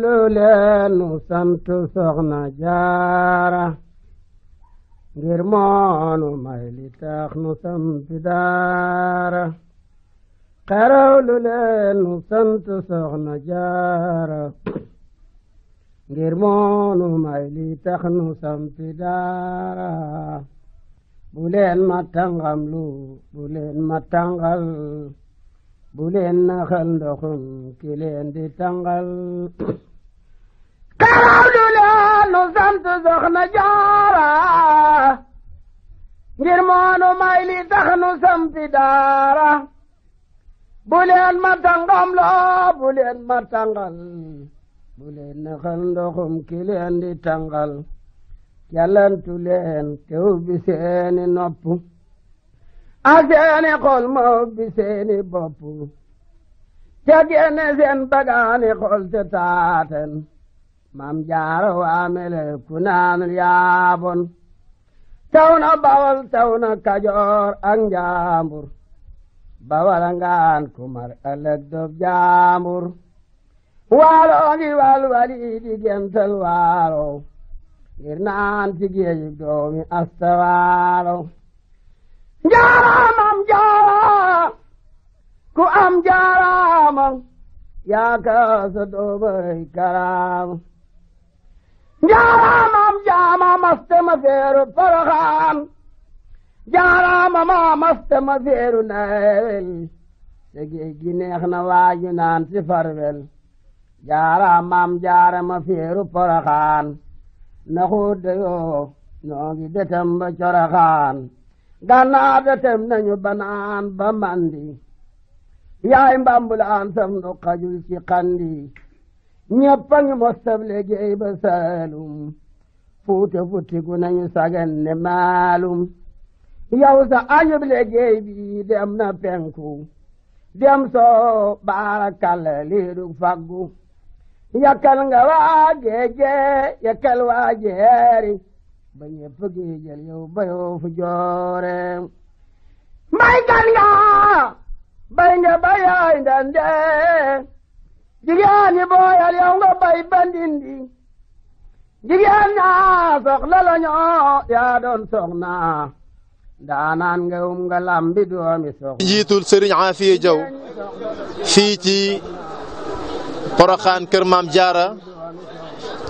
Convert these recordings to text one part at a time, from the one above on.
dellu leenu sant soxna jaara ngir moonu may li tax nu sampi daara xerawlu leenu sant soxna jaara ngir moonu may li nu sampi daara bu leen ma tàngam lu bu leen ma tàngal bu leen naxal ndoxum ki di tàngal xaraw lu leenu sant soxna jaara ngir moonu may tax nu sampi daara bu ma tàngam loo bu ma tàngal bu leen naxal ndoxum ki di tàngal jalantu leen te ubbi seeni nopp ak seeni xol ma ubbi seeni bopp te seen bagaani xol te taaten maam jaaro waamele ku naan yaabon taw bawal taw kajoor ak njaambur bawal a ngaan ku mar ëllëg dob jaambur waaloo wal wali di gental waalo ngir naan ci géeju doomi asta waalo njaara mam ku am jaaraama yaa doobay karaama jaaraamam jaamama stema feeru poroxaan jaaraamama mastema feeru nawel te géej gi neex na waaju naan si farwel jaaraamam jaarama feeru poroxaan na xuudde yoo noo ngi detem ba coroxaan gannaaw detem nañu banaan ba mandi yaay mbambulaan sam nu xajul ci xandi ñëpp a ngi mostam liggéey ba saalum fuuta futtiku nañu sagan ne maalum yow sa ayub liggéey bi dem na penku dem soo baarakalla lii du faggu yakkal nga waa géeje yakkal waa jeeri ba ñëpp géejal yow bayoo fu joore mbay kan nga bay nga bayaay ndande jigéen ñi booyal yow nga bay bandindi jigéen ñaa soxla la ñoo yaa doon soxna daanaan nga um nga lambi doomi soxna njiitul sëriñ Aafiya Jaw fii ci Poroxaan kër Maam Jaara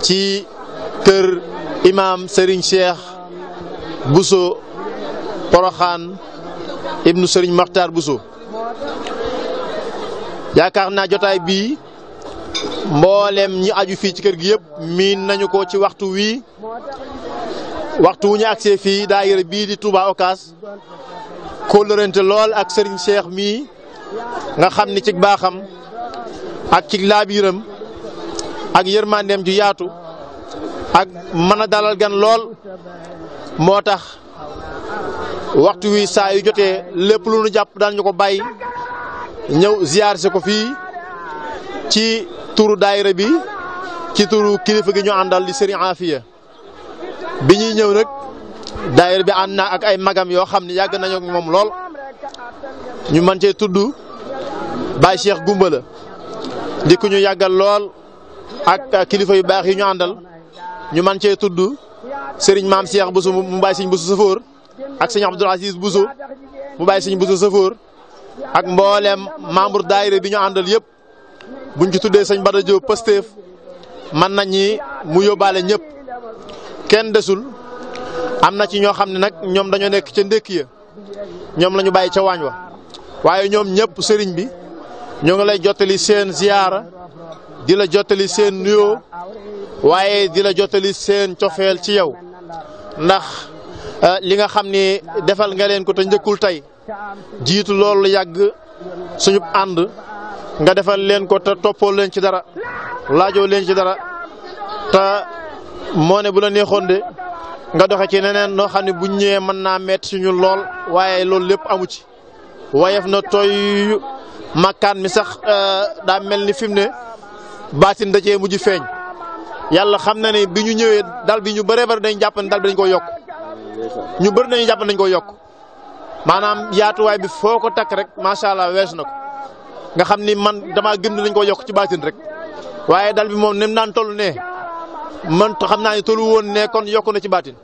ci kër imaam sëriñ Cheikh Bousso Poroxaan ibnu sëriñ Maxtaar Bousso yaakaar naa jotaay bii mboolem ñi aju fii ci kër gi yëpp miin nañu ko ci waxtu wi waxtu wu ñu agsee fii daayira bii di Touba Ocass kóllërante lool ak Serigne seex mii nga xam ni ci baaxam ak ci laabiiram ak yërmandeem ju yaatu ak mën a dalal gan lool moo tax waxtu wi saa yu jotee lépp lu nu jàpp daan ñu ko bàyyi ñëw ziyaar si ko fii ci turu daayira bi ci turu kilifa gi ñu àndal di Serigne Afia bi ñuy ñëw nag daayira bi ànd naa ak ay magam yoo xam ne yàgg nañu ak moom lool ñu mën cee tudd Baye Cheikh Gumbala di ku ñu yàggal lool ak kilifa yu baax yu ñu àndal ñu mën cee tudd Serigne maam Cheikh Bousso mu Baye Serigne Bousso Safoor ak Serigne Abdoul Aziz Bousso mu Baye Serigne Bousso Safoor ak mboolem membre daayira bi ñu àndal yëpp. buñ ci tuddee sëñ Bada Diop Pastef man nañi mu yóbbaale ñëpp kenn desul am na ci ñoo xam ne nag ñoom dañoo nekk ca ndékki ya ñoom lañu ñu bàyyi ca waañ wa waaye ñoom ñëpp sëriñ bi ñoo ngi lay jottali seen ziyaara di la jottali seen nuyoo waaye di la jottali seen cofeel ci yow ndax euh, li nga xam ni defal nga leen ko te njëkkul tey jiitu loolu yàgg suñu ànd nga defal leen ko te toppoo leen ci dara laajoo leen ci dara te moo bu la neexoon de nga doxe ci neneen noo xam ne bu ñëwee mën naa metti ci lool waaye loolu lépp amu ci wayef na tooy makkaan mi sax euh, daa mel ni fi mu ne baatin da cee mujj feeñ yàlla xam na ne bi ñu ñëwee daal bi ñu bëree bëri dañ jàpp ne dal bi dañ ko yokk ñu bëri dañu jàpp ne dañ ko yokk maanaam yaatuwaay bi foo ko takk rek macha allah wees na ko nga xam ni man damaa gëm nañ ko yokk ci baatin rek waaye dal bi moom ni naan tollu toll ne man xam naa ne tollu woon ne kon yokku na ci baatin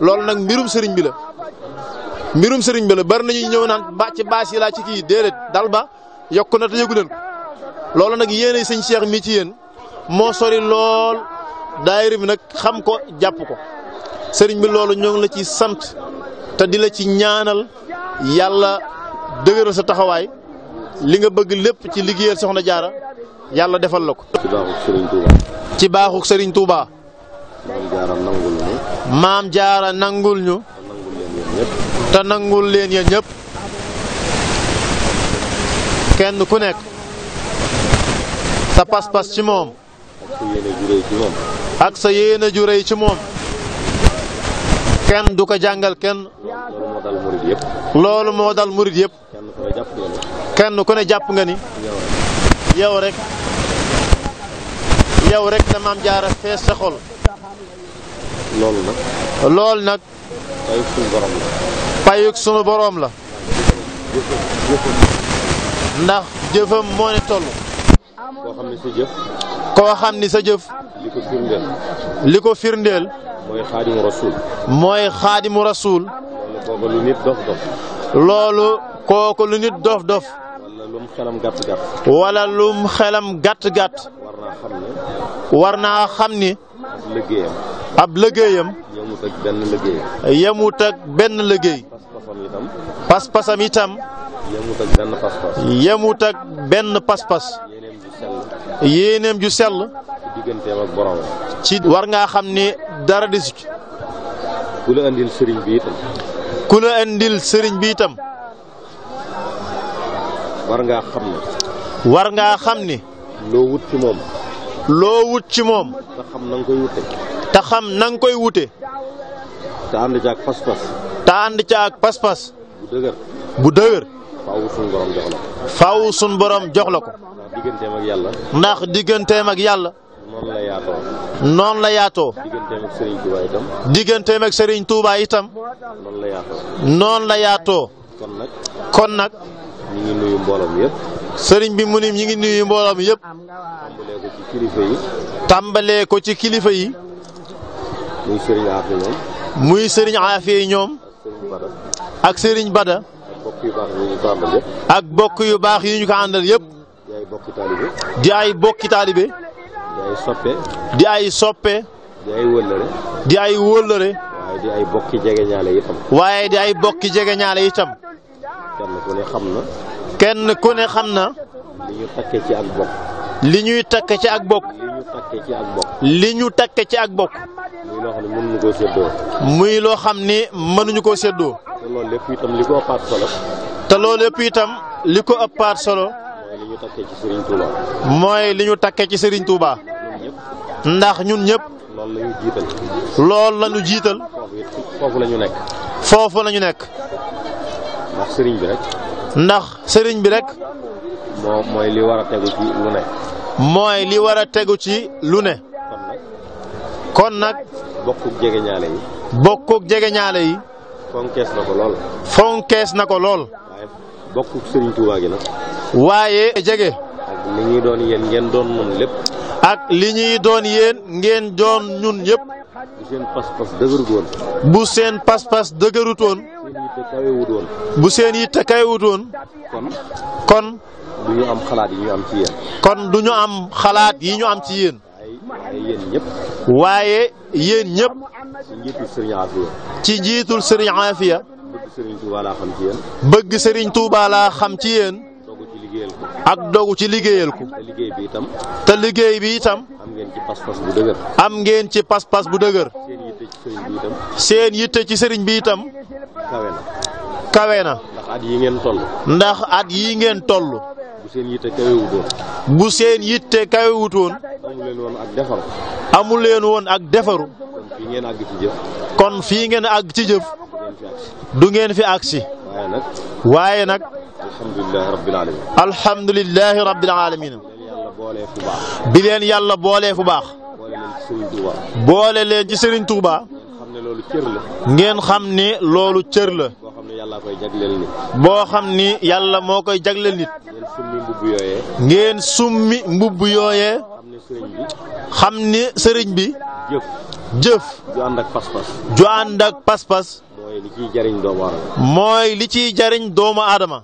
loolu nag mbirum sëriñ bi la. mbirum sëriñ bi la bari nañu ñëw naan ba ci baas yi laa kii déedéet dal ba yokku na te yëgu leen nag yéenay sëñ Cheikh mi ci yéen moo sori lool daayira bi nag xam ko jàpp ko sëriñ bi loolu ñoo ngi la ci sant te di la ci ñaanal yàlla dëgëral sa taxawaay. li nga bëgg lépp ci liggéeyal soxna jaara yàlla defal la ko. ci baaxuk Serigne Touba. ci maam jaara nangul ñu. maam jaara te nangul leen yéen ñëpp. kenn ku nekk. sa pas-pas ci moom. ak sa yéene ju ci moom. kenn du ko jàngal kenn. loolu moo dal murit yëpp. kenn ku ne jàpp nga ni yow rek yow rek sa maam jaara fees sa xol loolu nag loolu nag payug sunu borom la payug sunu borom la ndax jëfam moo ne toll koo xam ni sa jëf li ko firndeel li ko firndeel mooy xaadimu rasuul loolu kooku lu lu nit dof dof lum xelam gàtt gàtt. wala lum xelam gàtt gàtt. war na xam war naa xam ni. ab liggéeyam. ab liggéeyam. ak benn liggéey. yemut ak benn liggéey. pas-pasam itam. pas ak benn pas-pas. yemut ak benn pas-pas. ju sell. yéeneem ci ak borom. war ngaa xam ni dara desu ci. ku la andil sëriñ bi itam. ku la andil sëriñ bi itam. war ngaa xam war ngaa xam ni. loo wut ci moom. loo wut ci moom. te xam na nga koy wute. te xam na nga koy wute. te ànd caag pas-pas. te ànd caag pas-pas. bu dëgër. bu dëgër. borom jox la ko. faaw sunu ndax digganteem ak yàlla. ndax digganteem ak yàlla. noonu la yaatoo. noonu la yaatoo. digganteem ak sëriñ Touba itam. digganteem la yaatoo. la yaatoo. kon nag. ngi nuyu mbooloo mi sëriñ bi mu ni ñi nuyu mbooloo mi yëpp. tàmbalee ko ci kilifa yi. tàmbalee ko ci kilifa yi. muy sëriñ Aafi ñoom. muy sëriñ Aafi ñoom. ak sëriñ Bada. ak bokk yu baax yi ñu ko àndal yëpp. di ay bokki taalibe. di ay soppe. di ay soppe. di ay wëllëre. di ay wëllëre. waaye di ay bokki jegeñaale itam. waaye kenn ku ne xam na. li ñu takke ci ak bokk. li ñuy takke ci ak bokk. li ñu takke ci ak bokk. muy loo xam ne mënuñu koo séddoo. muy loo xam ne mënuñu koo séddoo. te loolu lépp itam li ko ëppaat solo. te loolu lépp itam li ko ëppaat solo. mooy li ñu takkee ci Serigne Touba. li ñu takke ci Serigne Touba. ndax ñun ñëpp. loolu la ñu jiital. jiital. foofu la ñu nekk. foofu lañu nekk. ndax bi rek. ndax sëriñ bi rek. mooy li war a tegu ci lu ne. mooy li war a tegu ci lu ne. kon nag. bokkuk jegeñaale yi. bokkuk jegeñaale yi. fonkees na ko lool. fonkees na ko lool. waaye bokkuk sëriñ gi nag. waaye jege. ak li ñuy doon yéen ngeen doon moom lépp. ak li ñuy doon yéen ngeen doon ñun ñëpp. bu seen pas-pas bu seen pas-pas dëgërut woon. bu seen yitte kawewut woon. kon. du ñu am xalaat yi ñu am ci yéen. kon du am xalaat yi ñu am ci yéen. waaye yéen ñëpp. yéen ñëpp. ci njiitul Serigne Afia. ci njiitul Serigne Afia. bëgg Serigne Touba laa xam ci yéen. ak dogu ci liggéeyal ko. te liggéey bi itam. te liggéey bi itam. am ngeen ci pas-pas bu dëgër. am ngeen ci pas-pas bu dëgër. seen yitte ci sëriñ bi itam. kawe na. ndax at yi ngeen toll. ndax at yi ngeen toll. bu seen yitte kawewutoon. bu seen yitte kawewutoon. amu leen woon ak defaru. amu leen woon ak defaru. kon fii ngeen àgg ci jëf. du ngeen fi àgg waaye nag. alhamdulilah rabbil alamin. alhamdulilah rabbil alamin. bi leen yàlla boolee fu baax. boole leen ci Serigne Touba. ngeen xam ni loolu cër la. boo xam ne yàlla koy jagleel boo xam ni yàlla moo koy jagleel nit. ngeen summi mbubb yooyee. xam ne sëriñ bi. jëf. jëf. ju ànd ak pas-pas. ju ànd ak pas-pas. mooy li mooy li ciy jariñ doomu aadama.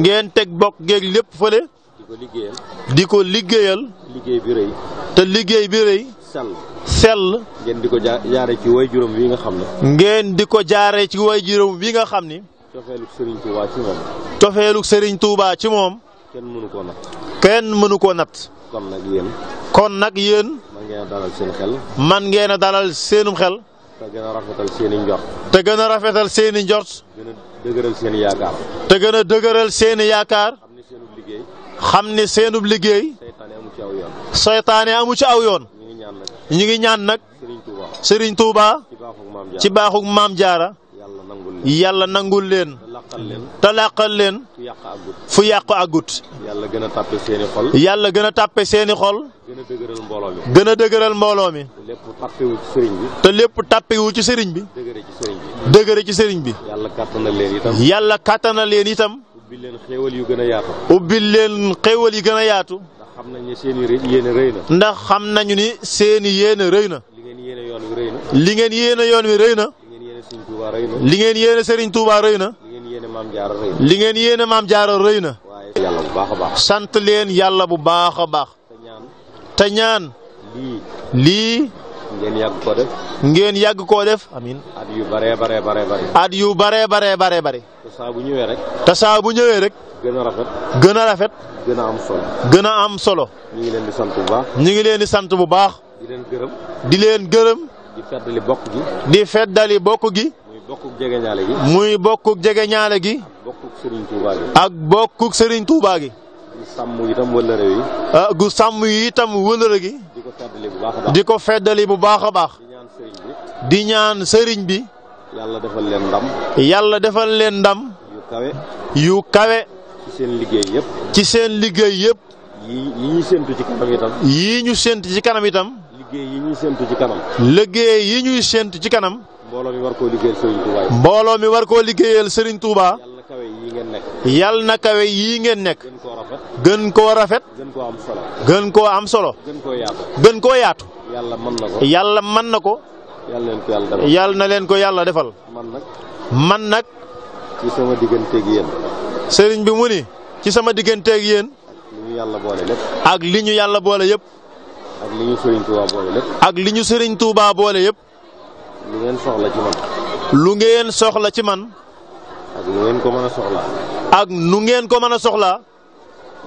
ngeen teg bokk géeg lépp fële. di ko liggéeyal. di ko liggéeyal. liggéey bi rëy. te liggéey bi rëy. sell. sell. ngeen di ko jaare ci way juróom wi nga xam ne. ngeen di ko jaare ci way juróom wi nga xam ni. cofeeluk Serigne Touba ci moom. cofeeluk ci moom. kenn mënu koo natt. kenn mënu koo natt. kon nag yéen. kon nag yéen. man ngeen dalal seen xel. man ngeen a dalal seenum xel. te gën a rafetal seen i te gën rafetal seen i dëgëral seen yaakaar. te gën dëgëral seen yaakaar. xam ni seenub liggéey. xam ni seenub liggéey. seytaane amu ci aw yoon. seytaane amu ci aw yoon. ñu ngi ñaan nag. ñu ngi ñaan nag. Serigne Touba. Serigne Touba. ci baaxug maam jaara yàlla nangul leen yàlla nangul leen. talaqal leen talaqal leen. fu yàq àggut fu yàq àggut. yàlla gën a tàppe seeni xol. yàlla gën a tàppe seeni xol. gën a dëgëral mbooloo mi. gën a dëgëral mbooloo mi. te lépp tàppe te lépp tàppe ci sëriñ bi. dëgëre ci sëriñ bi. dëgëre ci sëriñ bi. yàlla kàttanal leen itam. yàlla kàttanal leen itam. ubbil leen xéewal yu gën a yaatu. ubbil leen xéewal yi gën a yaatu. ndax xam nañ ne seen yéene rëy na. ndax xam nañu ni seen yéene rëy na. li ngeen yéene yoon wi rëy na. li ngeen yéene yoon wi rëy na. li ngeen yéene sëriñ Touba rëy na. li ngeen yéene maam Jaara rëy na. li ngeen yéene maam Jaara rëy na. yàlla bu baax a baax. sant leen yàlla bu baax a baax. te lii. ngeen yàgg koo def. ngeen yàgg koo def amin at yu baree baree bare baree. at yu baree baree baree baree. te bu ñëwee rek. te bu ñëwee rek. gën a rafet. gën a rafet. gën am solo. gën a am solo. ñu ngi leen di sant bu baax. ñu ngi leen di sant bu baax. di leen gërëm. di leen gërëm. di feddali bokk gi. di feddali bokk gi. muy bokkuk jegeñaale gi. muy bokkuk jegeñaale gi. ak bokkuk Serigne Touba gi. ak bokkuk Serigne Touba gi. gu sàmm itam sàmm itam wëllëre ah, gi. di ko feddali bu baax a baax. di ñaan sëriñ bi. yàlla defal leen ndam. yàlla defal leen ndam. yu kawe. ci seen liggéey yëpp. ci seen liggéey yëpp. yii ñu séntu ci kanam itam. ci kanam itam. liggéey yi ñuy séntu ci kanam. ñuy séntu ci kanam. mbooloo mi war koo liggéeyal sëriñ Touba. yal na kawe yii ngeen nekk. gën koo rafet. gën koo am solo. gën koo am solo. gën koo yaatu. yàlla mën na ko. yàlla mën na ko. yal na leen ko yàlla defal. man nag. man nag. ci sama digganteeg yéen. sëriñ bi mu ni ci sama digganteeg yéen. ak li ñu yàlla boole lépp. ak li ñu yàlla boole yëpp. ak li ñu sëriñ Touba boole lépp. ak li ñu sëriñ Touba boole yëpp. lu ngeen soxla ci man. lu ngeen soxla ci man. ak nu ngeen ko mën a soxlaa. ak nu ngeen ko mën a soxlaa.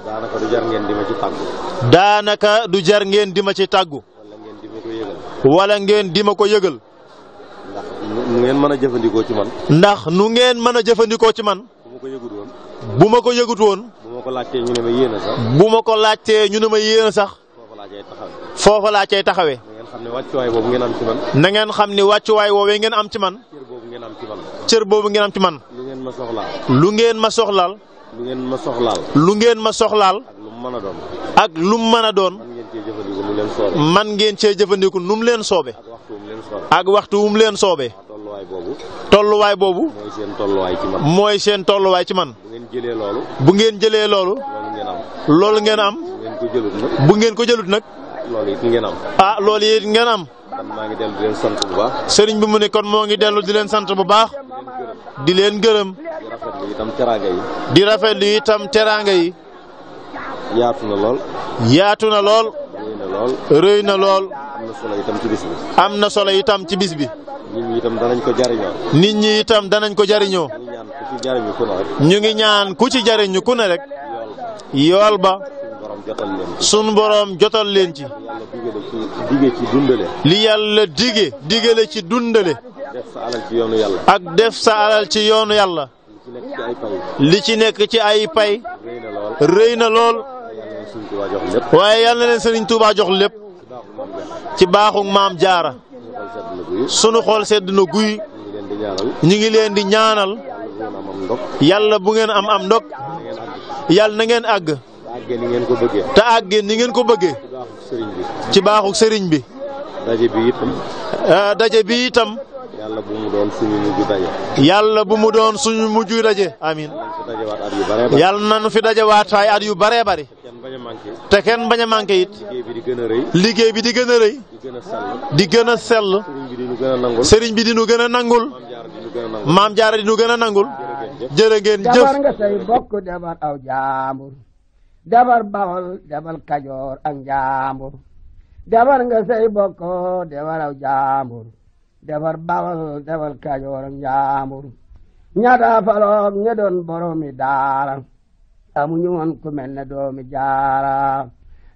daanaka du jar ngeen di ma ci tàggu. daanaka du jar ngeen di ma ci tàggu. wala ngeen di ma ko yëgal. ngeen di ma ko yëgal. ndax nu ngeen mën a jëfandikoo ci man. ndax nu ngeen mën a jëfandikoo ci man. bu ma ko yëgut woon. bu ma ko yëgut bu ma ko laajtee ñu ne ma yéen a sax. bu ma ko laajtee ñu ne ma yéen sax. foofa laa cay taxawee. foofa laa cay taxawee. na ngeen xam ne wàccuwaay boobu ngeen am ci man. na ngeen xam ne wàccuwaay woowee ngeen am ci man. cër boobu ngeen am ci man. ma soxlaal. lu ngeen ma soxlaal. lu ngeen ma soxlaal. lu ngeen ma soxlaal. ak lu mën a doon. ak lu mën a doon. man ngeen cee jëfandiku nu mu leen soobe ak waxtu wu leen soobe tolluwaay boobu. tolluwaay boobu. mooy seen tolluwaay ci man. mooy seen tolluwaay ci man. bu ngeen jëlee loolu. bu ngeen jëlee loolu. loolu ngeen am. bu ngeen ko jëlut nag. loolu it ngeen am. ah loolu it ngeen am. maa ngi dellu leen sant sëriñ bi mu ne kon moo ngi dellu di leen sant bu baax. di leen gërëm. di rafetlu itam teraanga yi. di rafet lu itam teraanga yi. yaatu na lool. yaatu na lool. rëy na lool. rëy na lool. am na solo itam ci bis bi. am na solo itam ci bis bi. nit danañ ko jariñoo. nit ñi danañ ko jariñoo. ñu ngi ñaan ku ci jariñu ku ne rek. yool ba. sunu borom jotal leen ci. li yàlla dige dige la ci dundale. def sa alal ci yoonu yàlla. ak def sa alal ci yoonu yàlla. li ci nekk ci ay pay. rëy na lool. waaye yal na leen Sëriñ Tuubaa jox lépp. ci baaxu maam jaara. sunu xool sedd na guy. ñu ngi leen di ñaanal. yàlla bu ngeen am am ndog. yàlla na ngeen àgg. te àggee ni ngeen ko bëggee. ci baaxu sëriñ bi. daje bi itam. Eh, daje bi itam. yàlla bu mu doon suñu mujj daje. yàlla bu mu doon suñu mujj daje amiin. yàlla nañu fi dajewaat ay at yu bëree bëri. te kenn a manqué it. liggéey bi di gën a rëy. bi di gën a rëy. di gën a sell. sëriñ bi di nu gën a nangul. maam jaara di nu gën a nangul. jërë ngeen jëf jabar nga say bokk jabar aw jaambur. jabar bawol kajoor ak jaambur. jabar defar bawal defar kajoor ak njaambur ñaata faloog ña doon boromi daara amuñu woon ku mel doomi jaara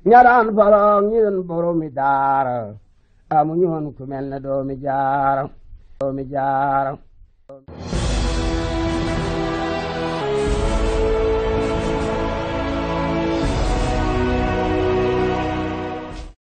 ñataan faloog ñi doon boromi daara amuñu woon ku mel doomi jaara doomi jaara